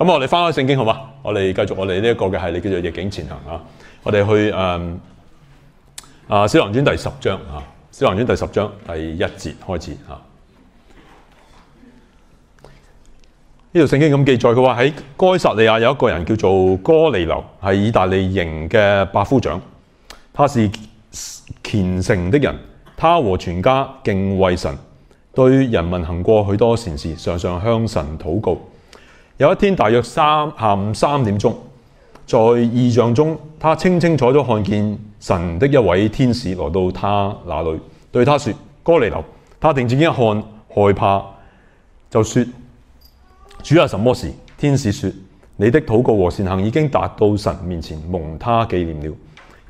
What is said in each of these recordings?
咁我哋翻開聖經好嘛？我哋繼續我哋呢一個嘅系列，叫做疫境前行們、嗯、啊！我哋去誒，啊，使徒行傳第十章啊，使徒行傳第十章第一節開始啊。呢條聖經咁記載，佢話喺該撒利亞有一個人叫做哥尼流，係意大利營嘅百夫長，他是虔誠的人，他和全家敬畏神，對人民行過許多善事，常常向神禱告。有一天，大約三下午三點鐘，在異象中，他清清楚楚看見神的一位天使來到他那裏，對他說：哥尼流，他定睛一看，害怕，就說：主啊，什麼事？天使說：你的禱告和善行已經達到神面前，蒙他記念了。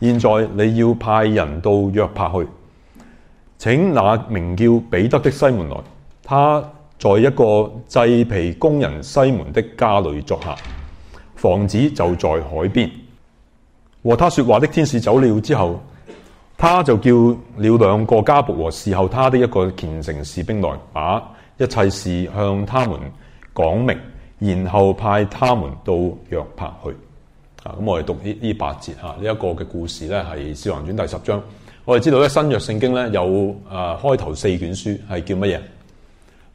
現在你要派人到約帕去，請那名叫彼得的西門來。他在一個製皮工人西門的家裏作客，房子就在海邊。和他說話的天使走了之後，他就叫了兩個家僕和伺候他的一個虔誠士兵來，把一切事向他們講明，然後派他們到約帕去。啊，咁、嗯、我哋讀呢呢八節吓，呢、啊、一、這個嘅故事咧係《使徒行傳》第十章。我哋知道咧新約聖經咧有啊開頭四卷書係叫乜嘢？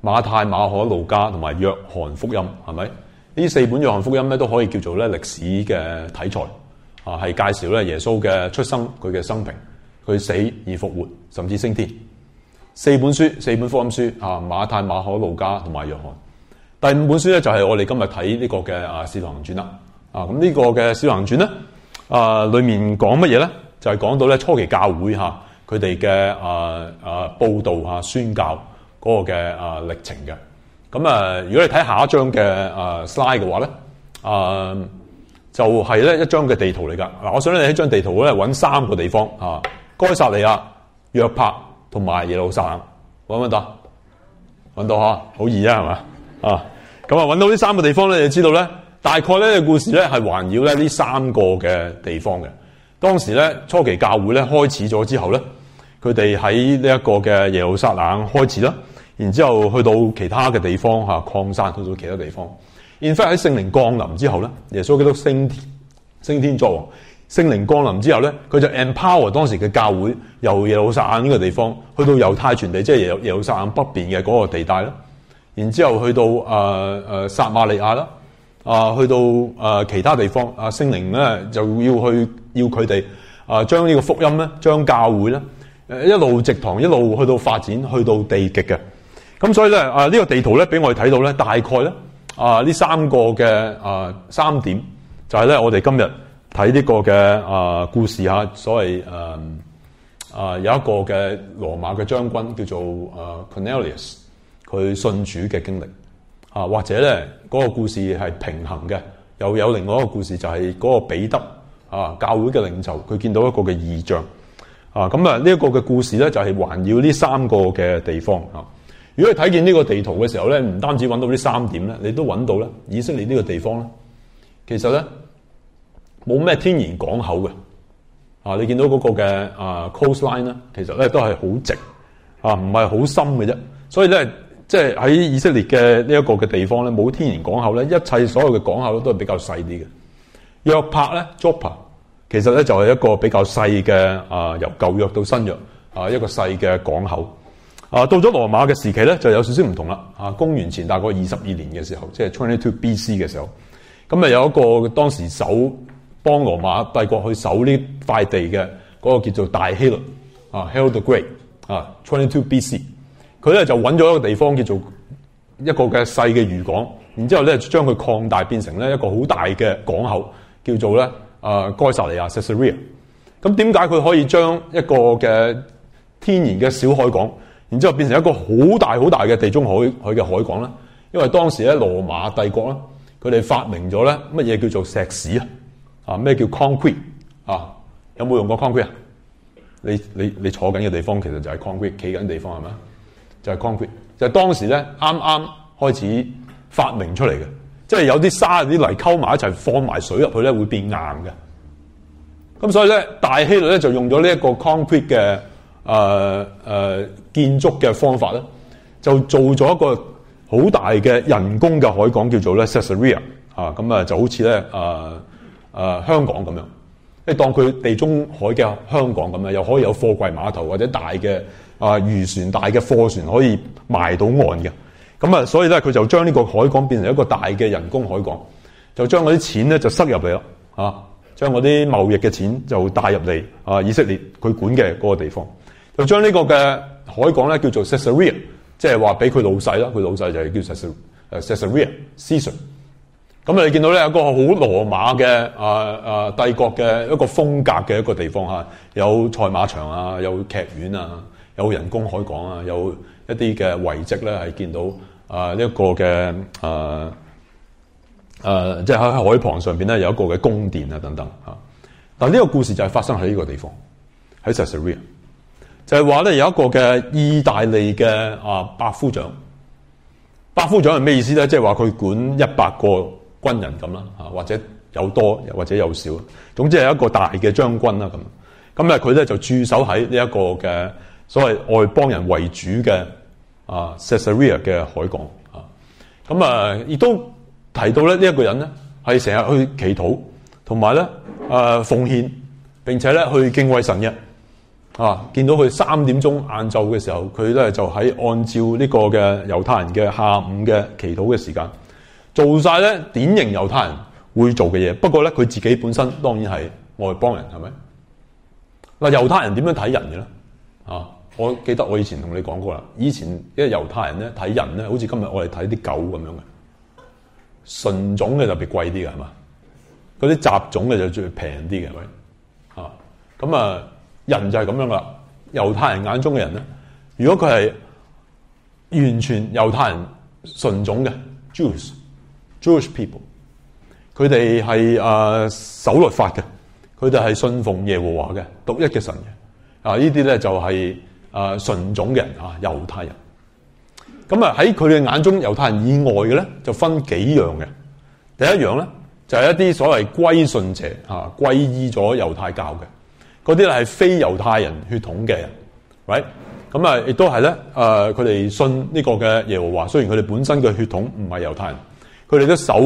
馬太、馬可、路加同埋約翰福音，係咪？呢四本約翰福音咧，都可以叫做咧歷史嘅題材啊，係介紹咧耶穌嘅出生、佢嘅生平、佢死而復活，甚至升天。四本書、四本福音書啊，馬太、馬可、路加同埋約翰。第五本書咧，就係我哋今日睇呢個嘅啊《使徒行傳》啦。啊，咁呢個嘅《使徒行傳》咧啊，裏面講乜嘢咧？就係、是、講到咧初期教會吓，佢哋嘅啊啊布道吓、宣教。嗰個嘅啊歷程嘅，咁啊，如果你睇下一張嘅、呃、slide 嘅話咧，啊、呃、就係、是、咧一張嘅地圖嚟㗎。嗱，我想你喺張地圖咧揾三個地方啊，該撒利亞、約帕同埋耶路撒冷，揾唔揾到？揾到嚇，好易啊，係嘛啊？咁啊揾到呢三個地方咧，你就知道咧大概咧嘅、這個、故事咧係環繞咧呢三個嘅地方嘅。當時咧初期教會咧開始咗之後咧，佢哋喺呢一個嘅耶路撒冷開始啦。然之後去到其他嘅地方嚇，擴散去到其他地方。In fact 喺聖靈降臨之後咧，耶穌基督升天升天作王。聖靈降臨之後咧，佢就 empower 當時嘅教會，由耶路撒冷呢個地方去到猶太全地，即係耶耶路撒冷北邊嘅嗰個地帶啦。然之後去到啊啊撒瑪利亞啦，啊、呃、去到、呃、其他地方，啊聖靈咧就要去要佢哋啊將呢個福音咧，將教會咧、呃、一路直堂一路去到發展，去到地極嘅。咁所以咧，啊呢、這個地圖咧，俾我哋睇到咧，大概咧，啊呢三個嘅啊三點，就係、是、咧，我哋今日睇呢個嘅啊故事下、啊、所謂啊，啊有一個嘅羅馬嘅將軍叫做 Cornelius，、啊、佢信主嘅經歷啊，或者咧嗰、那個故事係平衡嘅，又有另外一個故事就係、是、嗰個彼得啊，教會嘅領袖，佢見到一個嘅異象啊，咁啊呢一、這個嘅故事咧就係環繞呢三個嘅地方啊。如果你睇見呢個地圖嘅時候咧，唔單止揾到呢三點咧，你都揾到咧以色列呢個地方咧，其實咧冇咩天然港口嘅啊！你見到嗰個嘅啊 coastline 咧，Coast line，其實咧都係好直啊，唔係好深嘅啫。所以咧，即係喺以色列嘅呢一個嘅地方咧，冇天然港口咧，一切所有嘅港口都都係比較細啲嘅。約帕咧，Joppa，其實咧就係、是、一個比較細嘅啊，由舊約到新約啊，一個細嘅港口。啊，到咗羅馬嘅時期咧，就有少少唔同啦。啊，公元前大概二十二年嘅時候，即係 twenty two B.C. 嘅時候，咁啊有一個當時守幫羅馬帝國去守呢塊地嘅嗰個叫做大希律啊，Herod the Great 啊，twenty two B.C. 佢咧就揾咗一個地方叫做一個嘅細嘅漁港，然之後咧將佢擴大變成咧一個好大嘅港口，叫做咧啊，該撒利亞 （Caesarea）。咁點解佢可以將一個嘅天然嘅小海港，然之後變成一個好大好大嘅地中海嘅海港啦。因為當時咧羅馬帝國啦，佢哋發明咗咧乜嘢叫做石屎什麼啊？啊咩叫 concrete 啊？有冇用過 concrete 啊？你你你坐緊嘅地方其實就係 concrete，企緊地方係咪就係 concrete，就係當時咧啱啱開始發明出嚟嘅，即係有啲沙、啲泥溝埋一齊，放埋水入去咧會變硬嘅。咁所以咧大希律咧就用咗呢一個 concrete 嘅。誒誒、啊啊、建築嘅方法咧，就做咗一個好大嘅人工嘅海港，叫做咧 Caesarea 啊，咁啊就好似咧誒誒香港咁樣，誒當佢地中海嘅香港咁樣，又可以有貨櫃碼頭或者大嘅啊漁船、大嘅貨船可以埋到岸嘅，咁啊所以咧佢就將呢個海港變成一個大嘅人工海港，就將嗰啲錢咧就塞入嚟咯，啊，將嗰啲貿易嘅錢就帶入嚟啊以色列佢管嘅嗰個地方。就將呢個嘅海港咧，叫做 Caesarea 即係話俾佢老細啦。佢老細就係叫 Caesar，Caesarea，Caesar 咁你見到咧有個好羅馬嘅啊啊帝國嘅一個風格嘅一個地方嚇，有賽馬場啊，有劇院啊，有人工海港啊，有一啲嘅遺跡咧係見到啊一、呢個嘅啊即係喺海旁上面咧有一個嘅宮殿啊等等啊但呢個故事就係發生喺呢個地方喺 Caesarea 就係話咧有一個嘅意大利嘅啊百夫長，百夫長係咩意思咧？即係話佢管一百個軍人咁啦，啊或者有多，或者有少，總之係一個大嘅將軍啦咁。咁啊佢咧就駐守喺呢一個嘅所謂外邦人為主嘅啊 Caesarea 嘅海港啊。咁啊亦都提到咧呢一個人咧係成日去祈禱，同埋咧啊奉獻，並且咧去敬畏神嘅。啊！見到佢三點鐘晏晝嘅時候，佢咧就喺按照呢個嘅猶太人嘅下午嘅祈禱嘅時間做晒咧，典型猶太人會做嘅嘢。不過咧，佢自己本身當然係外邦人，係咪？嗱，猶太人點樣睇人嘅咧？啊！我記得我以前同你講過啦，以前因為猶太人咧睇人咧，好似今日我哋睇啲狗咁樣嘅，純種嘅特別貴啲嘅係嘛？嗰啲雜種嘅就最平啲嘅，係咪？啊，咁啊～啊人就係咁樣啦，猶太人眼中嘅人咧，如果佢係完全猶太人純種嘅 Jews，Jewish people，佢哋係啊守律法嘅，佢哋係信奉耶和華嘅獨一嘅神嘅啊，呢啲咧就係、呃、純種嘅人啊猶太人。咁啊，喺佢哋眼中，猶太人以外嘅咧就分幾樣嘅。第一樣咧就係一啲所謂歸信者啊，皈依咗猶太教嘅。嗰啲咧係非猶太人血統嘅人，right，咁啊，亦都係咧，誒佢哋信呢個嘅耶和華。雖然佢哋本身嘅血統唔係猶太人，佢哋都守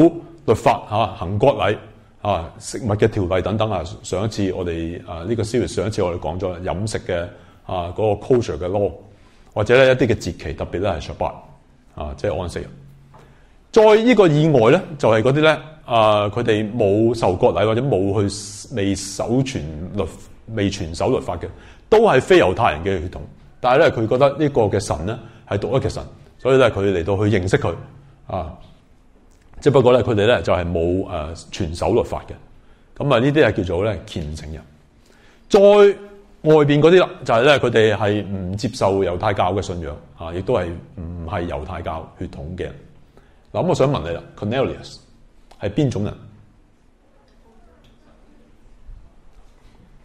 律法嚇、啊、行割禮嚇、食物嘅條例等等啊。上一次我哋啊呢、這個 series 上一次我哋講咗飲食嘅啊嗰、那個 kosher 嘅 law，或者咧一啲嘅節期，特別咧係 shabbat 啊，即、就、係、是、安息日。在呢個以外咧，就係嗰啲咧，啊佢哋冇受割禮或者冇去未守全律。未全守律法嘅，都係非猶太人嘅血統，但係咧佢覺得呢個嘅神咧係獨一嘅神，所以咧佢嚟到去認識佢啊，即不過咧佢哋咧就係冇誒全守律法嘅，咁啊呢啲係叫做咧虔誠人。再外邊嗰啲啦，就係咧佢哋係唔接受猶太教嘅信仰啊，亦都係唔係猶太教血統嘅。嗱，我想問你啦 Cornelius 係邊種人？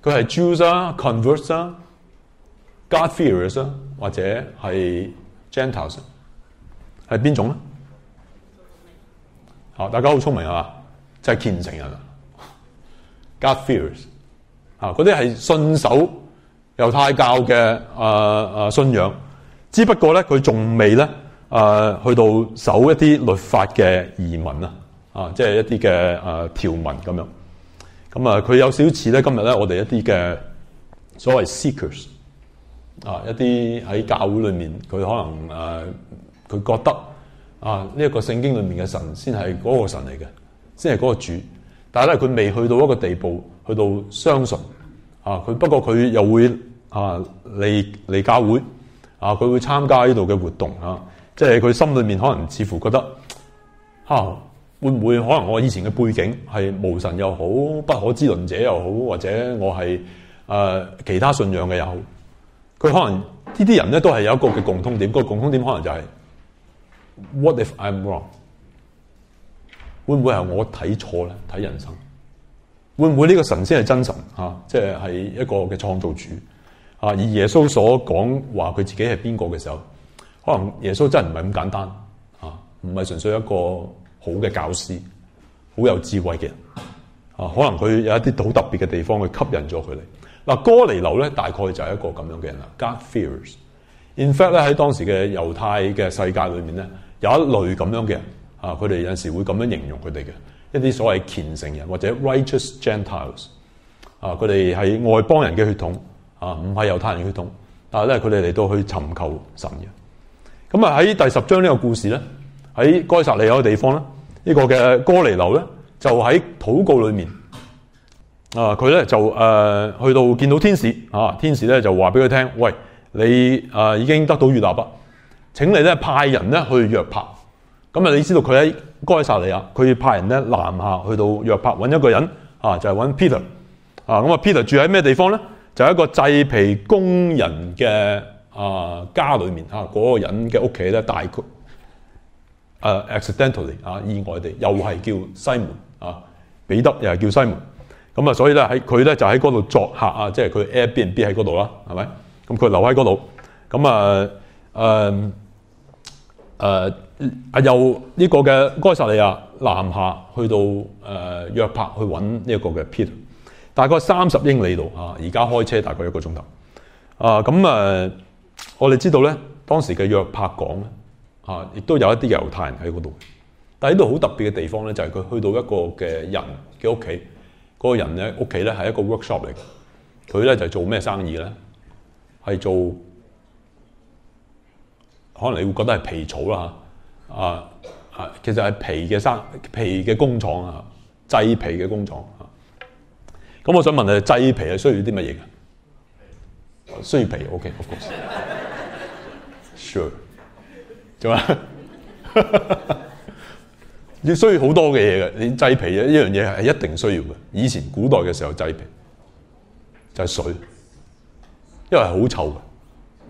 佢係 Jews 啊、Convers 啊、God-fearers 啊，或者係 Gentiles 啊，係邊種咧？啊，大家好聰明、就係、啊！就係虔誠人啊，God-fearers 啊，嗰啲係信守猶太教嘅啊啊信仰，只不過咧佢仲未咧啊去到守一啲律法嘅移民，啊啊，即係一啲嘅啊條文咁樣。咁、嗯呃、啊，佢有少似咧，今日咧，我哋一啲嘅所謂 seekers 啊，一啲喺教會裏面，佢可能誒，佢覺得啊，呢一個聖經裏面嘅神先係嗰個神嚟嘅，先係嗰個主，但係咧佢未去到一個地步，去到相信啊，佢不過佢又會啊嚟嚟教會啊，佢會參加呢度嘅活動，即係佢心裏面可能似乎覺得會唔會，可能我以前嘅背景係無神又好，不可知論者又好，或者我係誒、呃、其他信仰嘅又好？佢可能這些呢啲人咧都係有一個嘅共通點，個共通點可能就係、是、What if I'm wrong？會唔會係我睇錯咧？睇人生會唔會呢個神仙係真神吓？即係係一個嘅創造主啊？而耶穌所講話佢自己係邊個嘅時候，可能耶穌真係唔係咁簡單啊？唔係純粹一個。好嘅教師，好有智慧嘅人啊，可能佢有一啲好特別嘅地方去吸引咗佢哋。嗱，啊，哥尼流咧大概就係一個咁樣嘅人啦。God fears，in fact 咧喺當時嘅猶太嘅世界裏面咧，有一類咁樣嘅人啊，佢哋有陣時會咁樣形容佢哋嘅一啲所謂虔誠人或者 righteous gentiles 啊，佢哋係外邦人嘅血統啊，唔係猶太人嘅血統，但係咧佢哋嚟到去尋求神嘅。咁啊喺第十章呢個故事咧，喺該撒利亞個地方咧。這個呢個嘅哥尼流咧，就喺禱告裏面，啊佢咧就誒、呃、去到見到天使，啊天使咧就話俾佢聽，喂你啊、呃、已經得到預立喇，請你咧派人咧去約帕。」咁啊你知道佢喺該撒利亞，佢派人咧南下去到約帕，揾一個人，啊就係揾彼得，啊咁啊彼得住喺咩地方咧？就係一個製皮工人嘅啊家裏面，嚇、啊、嗰、那個人嘅屋企咧大概。誒、uh, accidentally 啊、uh，意外地又係叫西門啊，彼得又係叫西門，咁、uh, 啊，所以咧喺佢咧就喺嗰度作客啊，即係佢 Airbnb 喺嗰度啦，係咪？咁佢留喺嗰度，咁啊誒誒啊由呢個嘅該撒利亞南下去到誒、uh, 約帕去揾呢一個嘅 Peter，大概三十英里度啊，而、uh, 家開車大概一個鐘頭啊，咁、uh, 誒、uh, 我哋知道咧當時嘅約帕港咧。啊！亦都有一啲猶太人喺嗰度，但係喺度好特別嘅地方咧，就係、是、佢去到一個嘅人嘅屋企，嗰、那個人咧屋企咧係一個 workshop 嚟嘅，佢咧就係做咩生意咧？係做可能你會覺得係皮草啦嚇啊啊！其實係皮嘅生皮嘅工廠啊，製皮嘅工廠啊。咁、啊、我想問你，製皮係需要啲乜嘢啊？ 需要皮？OK，of、okay, course, sure。做啊！要什 需要好多嘅嘢嘅，你製皮啊，呢樣嘢係一定需要嘅。以前古代嘅時候製皮就係水，因為係好臭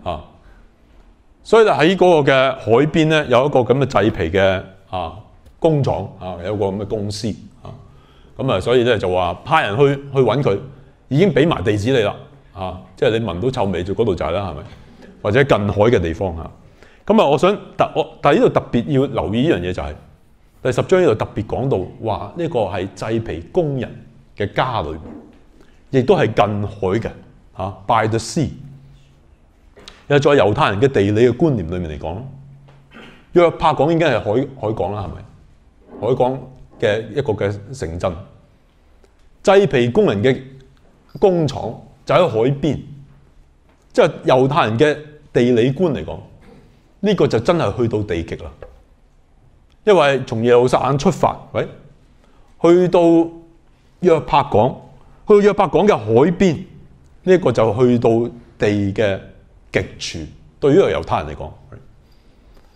嘅啊。所以就喺嗰個嘅海邊咧，有一個咁嘅製皮嘅啊工廠啊，有一個咁嘅公司啊。咁啊，所以咧就話派人去去揾佢，已經俾埋地址你啦啊！即係你聞到臭味就嗰度就係啦，係咪？或者近海嘅地方咁啊！我想特我但係呢度特別要留意呢樣嘢就係、係、第十章呢度特別講到話呢、呢個係製皮工人嘅家裏面，亦都係近海嘅嚇，by the sea。又在猶太人嘅地理嘅觀念裏面嚟講，約帕港已經係海海港啦，係咪？海港嘅一個嘅城鎮，製皮工人嘅工廠就喺海邊。即係猶太人嘅地理觀嚟講。呢個就真係去到地極啦，因為從耶路撒冷出發，喂，去到約帕港，去到約帕港嘅海邊，呢一個就去到地嘅極處。對於猶太人嚟講，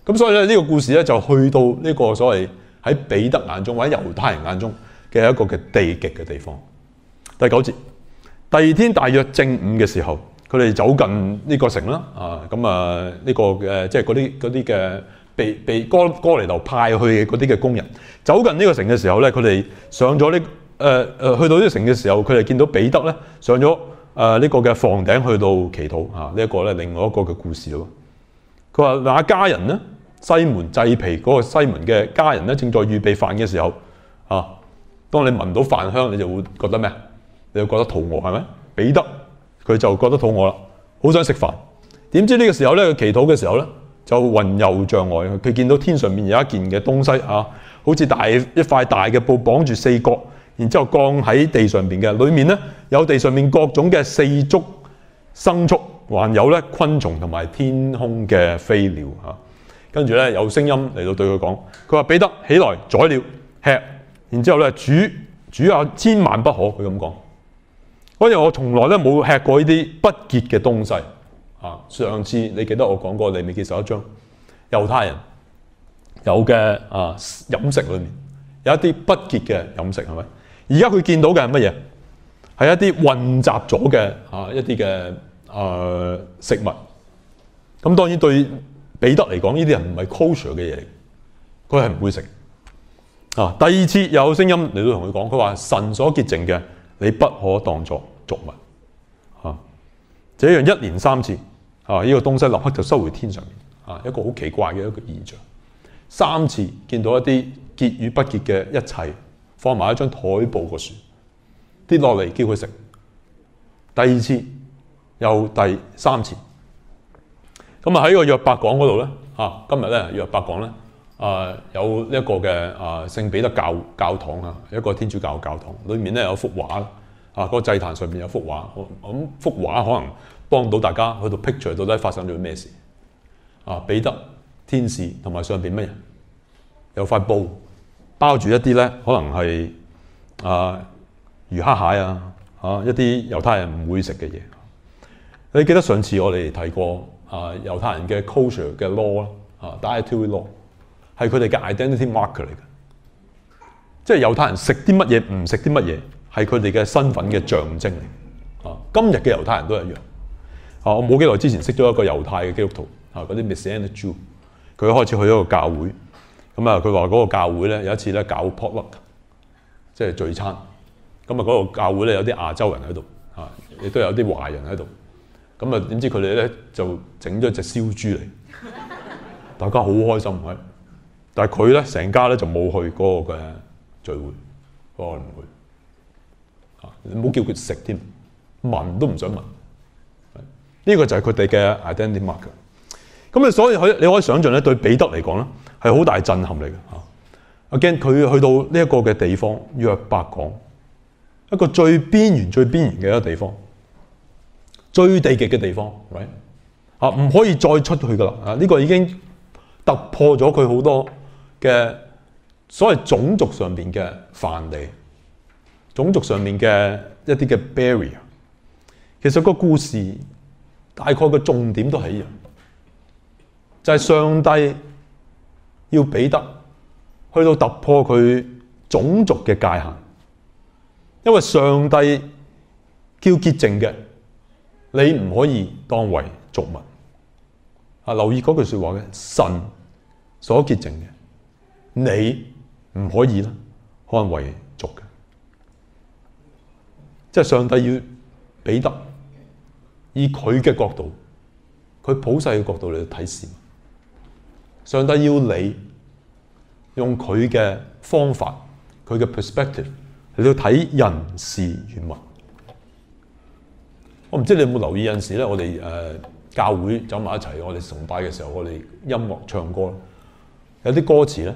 咁所以咧呢個故事咧就去到呢個所謂喺彼得眼中或者猶太人眼中嘅一個嘅地極嘅地方。第九節，第二天大約正午嘅時候。佢哋走近呢個城啦，啊，咁啊呢、這個嘅、呃、即係嗰啲啲嘅被被哥哥尼流派去嗰啲嘅工人走近呢個城嘅時候咧，佢哋上咗呢誒誒去到呢個城嘅時候，佢哋、這個呃、見到彼得咧上咗誒呢個嘅房頂去到祈禱啊，這個、呢一個咧另外一個嘅故事咯。佢話嗱，家人咧，西門製皮嗰個西門嘅家人咧正在預備飯嘅時候啊，當你聞到飯香，你就會覺得咩？你就覺得肚餓係咪？彼得。佢就覺得肚餓啦，好想食飯。點知呢個時候咧，佢祈禱嘅時候咧，就魂遊象外。佢見到天上面有一件嘅東西啊，好似大一塊大嘅布綁住四角，然之後降喺地上邊嘅。裡面咧有地上面各種嘅四足牲畜，還有咧昆蟲同埋天空嘅飛鳥啊。跟住咧有聲音嚟到對佢講，佢話彼得，起來，宰了吃，然之後咧煮煮下，啊，千萬不可。佢咁講。反正我從來都冇吃過呢啲不潔嘅東西。啊，上次你記得我講過，你未接受一張猶太人有嘅啊，飲食裡面有一啲不潔嘅飲食係咪？而家佢見到嘅係乜嘢？係一啲混雜咗嘅啊一啲嘅啊食物。咁當然對彼得嚟講，呢啲人唔係 culture 嘅嘢，佢係唔會食。啊，第二次有聲音你都同佢講，佢話神所潔淨嘅。你不可當作俗物，嚇、啊！這樣一連三次，嚇、啊！呢、這個東西立刻就收回天上面，啊，一個好奇怪嘅一個現象。三次見到一啲潔與不潔嘅一切，放埋一張台布個樹跌落嚟，叫佢食。第二次又第三次，咁啊喺個約帕港嗰度咧，嚇、啊！今日咧約帕港咧。啊，有呢一個嘅啊聖彼得教教堂啊，一個天主教教堂，裏面咧有幅畫，啊、那，個祭壇上面有幅畫，咁幅畫可能幫到大家去到 picture 到底發生咗咩事啊？彼得、天使同埋上邊咩人？有塊布包住一啲咧，可能係啊魚蝦蟹啊，啊一啲猶太人唔會食嘅嘢。你記得上次我哋提過啊猶太人嘅 culture 嘅 law 啦、啊，啊 dietary law。係佢哋嘅 identity marker 嚟嘅，即係猶太人食啲乜嘢唔食啲乜嘢係佢哋嘅身份嘅象徵嚟。啊，今日嘅猶太人都一樣。啊，我冇幾耐之前識咗一個猶太嘅基督徒，啊嗰啲 Mizrahi Jew，佢開始去咗個教會。咁、嗯、啊，佢話嗰個教會咧有一次咧搞 potluck，即係聚餐。咁啊，嗰個教會咧有啲亞洲人喺度，啊，亦都有啲華人喺度。咁、嗯、啊，點知佢哋咧就整咗一隻燒豬嚟，大家好開心喎！但係佢咧成家咧就冇去嗰個嘅聚會，可能會，我唔去。嚇，你冇叫佢食添，聞都唔想聞。呢個就係佢哋嘅 identity mark。咁啊，所以佢你可以想象咧，對彼得嚟講咧係好大震撼嚟嘅嚇。Again，佢去到呢一個嘅地方，約伯港，一個最邊緣、最邊緣嘅一個地方，最地極嘅地方，係咪？啊，唔可以再出去噶啦！啊，呢個已經突破咗佢好多。嘅所謂種族上面嘅藩籬，種族上面嘅一啲嘅 barrier，其實個故事大概嘅重點都係一樣，就係上帝要彼得去到突破佢種族嘅界限，因為上帝叫潔淨嘅，你唔可以當為俗物啊！留意嗰句說話嘅神所潔淨嘅。你唔可以啦，可能為俗嘅，即係上帝要彼得以佢嘅角度，佢普世嘅角度嚟睇事物。上帝要你用佢嘅方法，佢嘅 perspective 嚟到睇人事與物。我唔知你有冇留意，有陣時咧，我哋誒、呃、教會走埋一齊，我哋崇拜嘅時候，我哋音樂唱歌，有啲歌詞咧。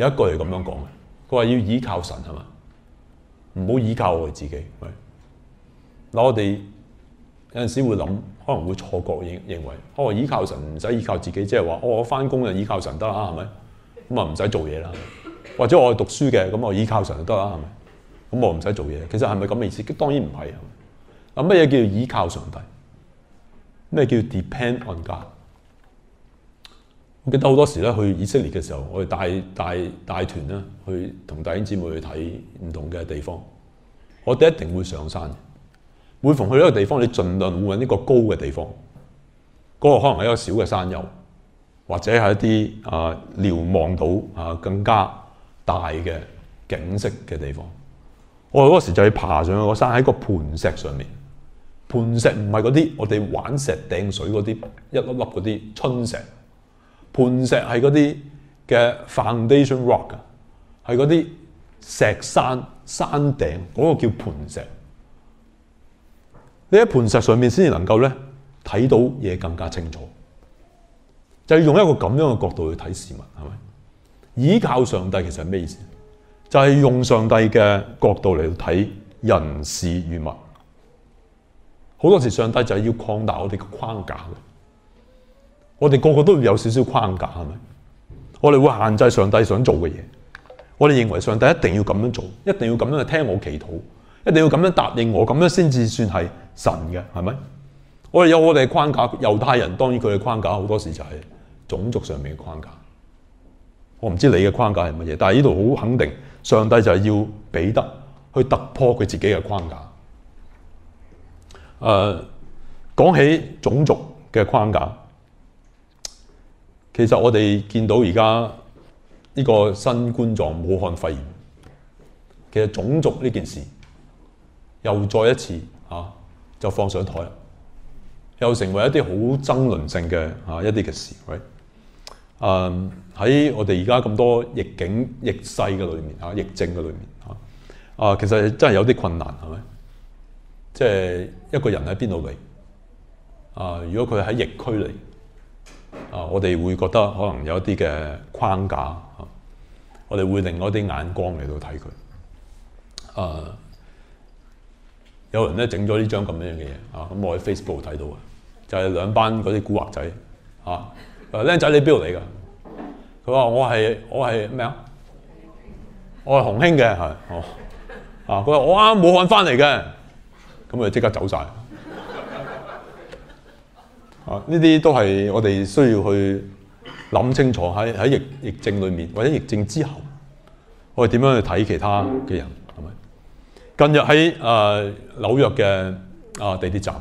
有一句係咁樣講嘅，佢話要依靠神係嘛，唔好依靠我哋自己。嗱，我哋有陣時會諗，可能會錯覺認認為哦，依靠神唔使依靠自己，即係話哦，我返工就依靠神得啦，係咪？咁啊唔使做嘢啦。或者我係讀書嘅，咁我依靠神就得啦，係咪？咁我唔使做嘢。其實係咪咁嘅意思？當然唔係。啊，乜嘢叫做依靠上帝？咩叫 depend on God？記得好多時咧，去以色列嘅時候，我哋帶帶帶團咧，去同弟兄姊妹去睇唔同嘅地方。我哋一定會上山。每逢去一個地方，你盡量會搵一個高嘅地方。嗰個可能係一個小嘅山丘，或者係一啲啊瞭望到啊更加大嘅景色嘅地方。我哋嗰時就去爬上去個山，喺個盤石上面。盤石唔係嗰啲我哋玩石掟水嗰啲一粒粒嗰啲春石。磐石係嗰啲嘅 foundation rock，係嗰啲石山山頂嗰、嗰個叫磐石。你喺磐石上面先至能夠咧睇到嘢更加清楚，就係、係、用一個咁樣嘅角度去睇事物，係咪？倚靠上帝其實係咩意思？就係、係、用上帝嘅角度嚟睇人事與物。好多時上帝就係要擴大我哋嘅框架。我哋個個都有少少框架，係咪？我哋會限制上帝想做嘅嘢，我哋認為上帝一定要咁樣做，一定要咁樣去聽我祈禱，一定要咁樣答應我，咁樣先至算係神嘅，係咪？我哋有我哋嘅框架，猶太人當然佢嘅框架好多時就係種族上面嘅框架。我唔知你嘅框架係乜嘢，但係呢度好肯定，上帝就係要彼得去突破佢自己嘅框架。誒、呃，講起種族嘅框架。其實我哋見到而家呢個新冠狀武漢肺炎，其實種族呢件事又再一次嚇、啊、就放上台，又成為一啲好爭論性嘅嚇、啊、一啲嘅事 right？喺我哋而家咁多逆境、逆勢嘅裏面嚇、疫症嘅裏面嚇，啊、的啊其實真係有啲困難係咪？即係、就是、一個人喺邊度嚟？啊，如果佢喺疫區嚟？啊！我哋會覺得可能有一啲嘅框架，啊、我哋會令我啲眼光嚟到睇佢。啊！有人咧整咗呢張咁樣嘅嘢啊！咁我喺 Facebook 睇到嘅，就係、是、兩班嗰啲古惑仔啊！啊，僆仔你邊度嚟噶？佢話我係我係咩啊？我係洪興嘅係哦啊！佢話我啱啱武漢翻嚟嘅，咁就即刻走晒。啊！呢啲都係我哋需要去諗清楚喺喺疫疫症裡面或者疫症之後，我哋點樣去睇其他嘅人係咪？近日喺誒、呃、紐約嘅啊地鐵站，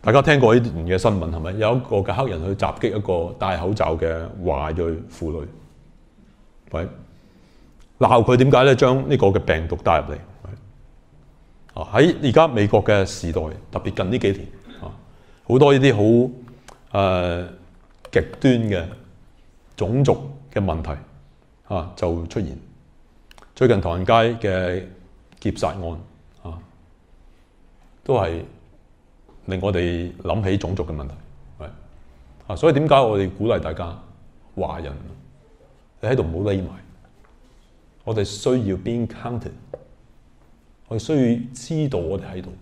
大家聽過呢段嘅新聞係咪？有一個嘅黑人去襲擊一個戴口罩嘅華裔婦女，喂，鬧佢點解咧將呢個嘅病毒帶入嚟？啊！喺而家美國嘅時代，特別近呢幾年。好多呢啲好誒極端嘅種族嘅問題啊，就出現最近唐人街嘅劫殺案啊，都係令我哋諗起種族嘅問題係啊。所以點解我哋鼓勵大家華人你喺度唔好匿埋，我哋需要 Being counted，我哋需要知道我哋喺度，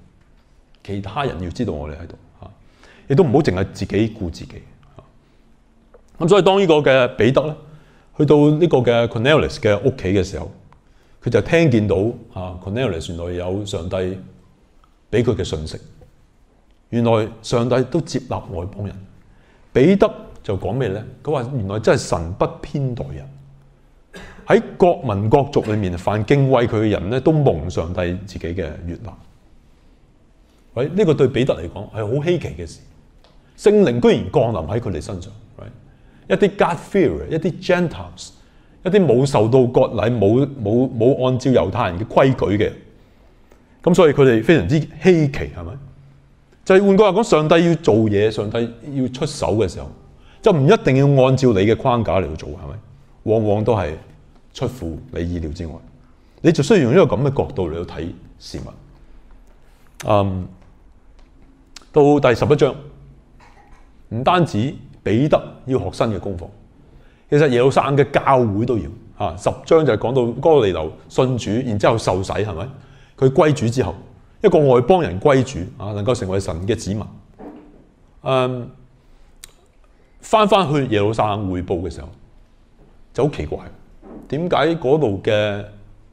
其他人要知道我哋喺度。你都唔好淨係自己顧自己，咁所以當呢個嘅彼得咧，去到呢個嘅 Cornelius 嘅屋企嘅時候，佢就聽見到啊 Cornelius 原來有上帝俾佢嘅訊息，原來上帝都接納外邦人。彼得就講咩咧？佢話原來真係神不偏待人，喺各民各族裏面，犯敬畏佢嘅人咧，都蒙上帝自己嘅悅納。喂，呢個對彼得嚟講係好稀奇嘅事。聖靈居然降臨喺佢哋身上，Right? 一啲 God-fearer 一啲 gentiles，一啲冇受到割禮、冇冇冇按照猶太人嘅規矩嘅，咁所以佢哋非常之稀奇，係咪？就係、是、換句話講，上帝要做嘢，上帝要出手嘅時候，就唔一定要按照你嘅框架嚟做，係咪？往往都係出乎你意料之外，你就需要用一個咁嘅角度嚟到睇事物。嗯、um,，到第十一章。唔單止彼得要學新嘅功課，其實耶路撒冷嘅教會都要。吓，十章就係講到哥尼流信主，然之後受洗係咪？佢歸主之後，一個外邦人歸主啊，能夠成為神嘅子民。嗯，翻翻去耶路撒冷匯報嘅時候就好奇怪，點解嗰度嘅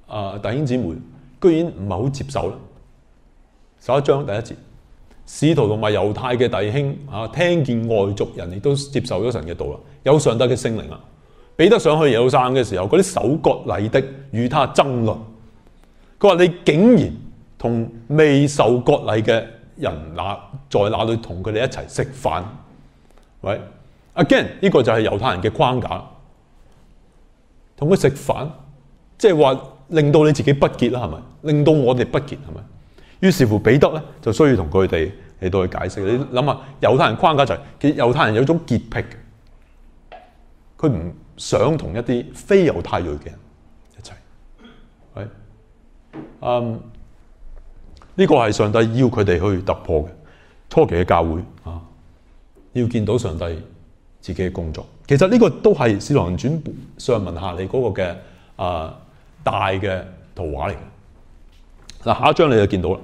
啊弟兄姊妹居然唔係好接受咧？十一章第一節。使徒同埋猶太嘅弟兄啊，聽見外族人亦都接受咗神嘅道啦，有上帝嘅聖靈啊，彼得上去耶路撒冷嘅時候，嗰啲守割禮的與他爭論，佢話：你竟然同未受割禮嘅人那在那裡同佢哋一齊食飯？喂、right?，Again 呢個就係猶太人嘅框架，同佢食飯，即係話令到你自己不潔啦，係咪？令到我哋不潔係咪？是不是？於是乎彼得咧就需要同佢哋嚟到去解釋。你諗下猶太人框架就係，佢猶太人有一種潔癖，佢唔想同一啲非猶太裔嘅人一齊。係，嗯，呢個係上帝要佢哋去突破嘅。初期嘅教會啊，要見到上帝自己嘅工作。其實呢個都係《使徒行傳》上文下理嗰個嘅啊、呃、大嘅圖畫嚟嘅。嗱，下一章你就見到啦。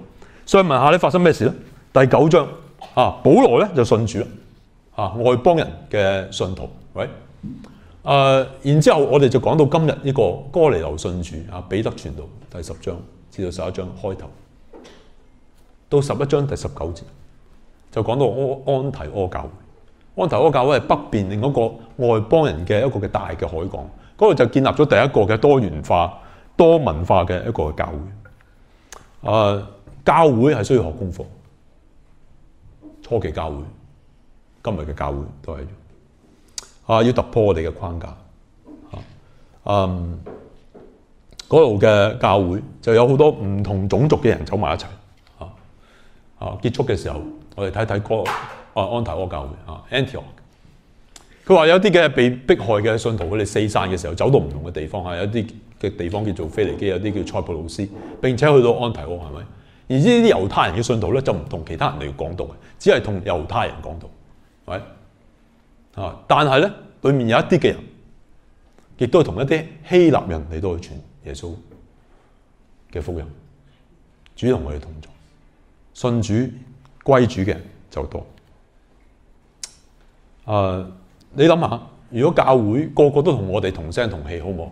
所以問下你發生咩事咧？第九章啊，保羅咧就信主啦，啊外邦人嘅信徒。喂，誒，然之後我哋就講到今日呢個哥尼流信主啊，彼得傳道第十章至到十一章開頭，到十一章第十九節就講到安提阿教安提阿教會係北邊另一個外邦人嘅一個嘅大嘅海港，嗰度就建立咗第一個嘅多元化、多文化嘅一個教會。啊！Uh, 教會係需要學功課，初期教會、今日嘅教會都係一樣啊，uh, 要突破我哋嘅框架。嗯，嗰度嘅教會就有好多唔同種族嘅人走埋一齊。啊啊！結束嘅時候，我哋睇睇個啊安提阿教會啊、uh, Antioch 佢話有啲嘅被迫害嘅信徒，佢哋四散嘅時候，走到唔同嘅地方，係有啲嘅地方叫做腓尼基，有啲叫塞浦路斯，並且去到安提阿，係咪？而呢啲猶太人嘅信徒咧，就唔同其他人嚟講道嘅，只係同猶太人講道，係咪？啊！但係咧，對面有一啲嘅人，亦都係同一啲希臘人嚟到去傳耶穌嘅福音，主同佢哋同在，信主歸主嘅就多。啊、呃！你諗下，如果教會個個都同我哋同聲同氣，好唔好？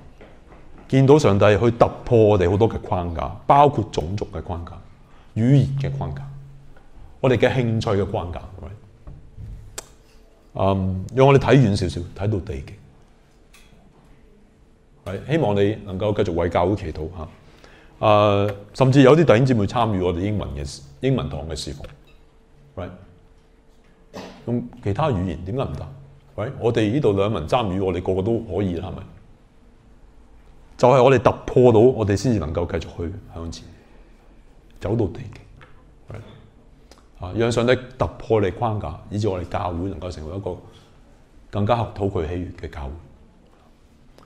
見到上帝去突破我哋好多嘅框架，包括種族嘅框架、語言嘅框架、我哋嘅興趣嘅框架，right?，嗯，讓我哋睇遠少少，睇到地極，係、right? 希望你能夠繼續為教會祈禱嚇，誒、啊，甚至有啲弟兄姊妹參與我哋英文嘅英文堂嘅事奉，right?，咁其他語言點解唔得？喂、right?，我哋呢度兩文三語，我哋個個都可以，係咪？就係我哋突破到，我哋先至能夠繼續去向前走到地極，啊、right?，讓上帝突破你框架，以至我哋教會能夠成為一個更加合妥佢喜悅嘅教會。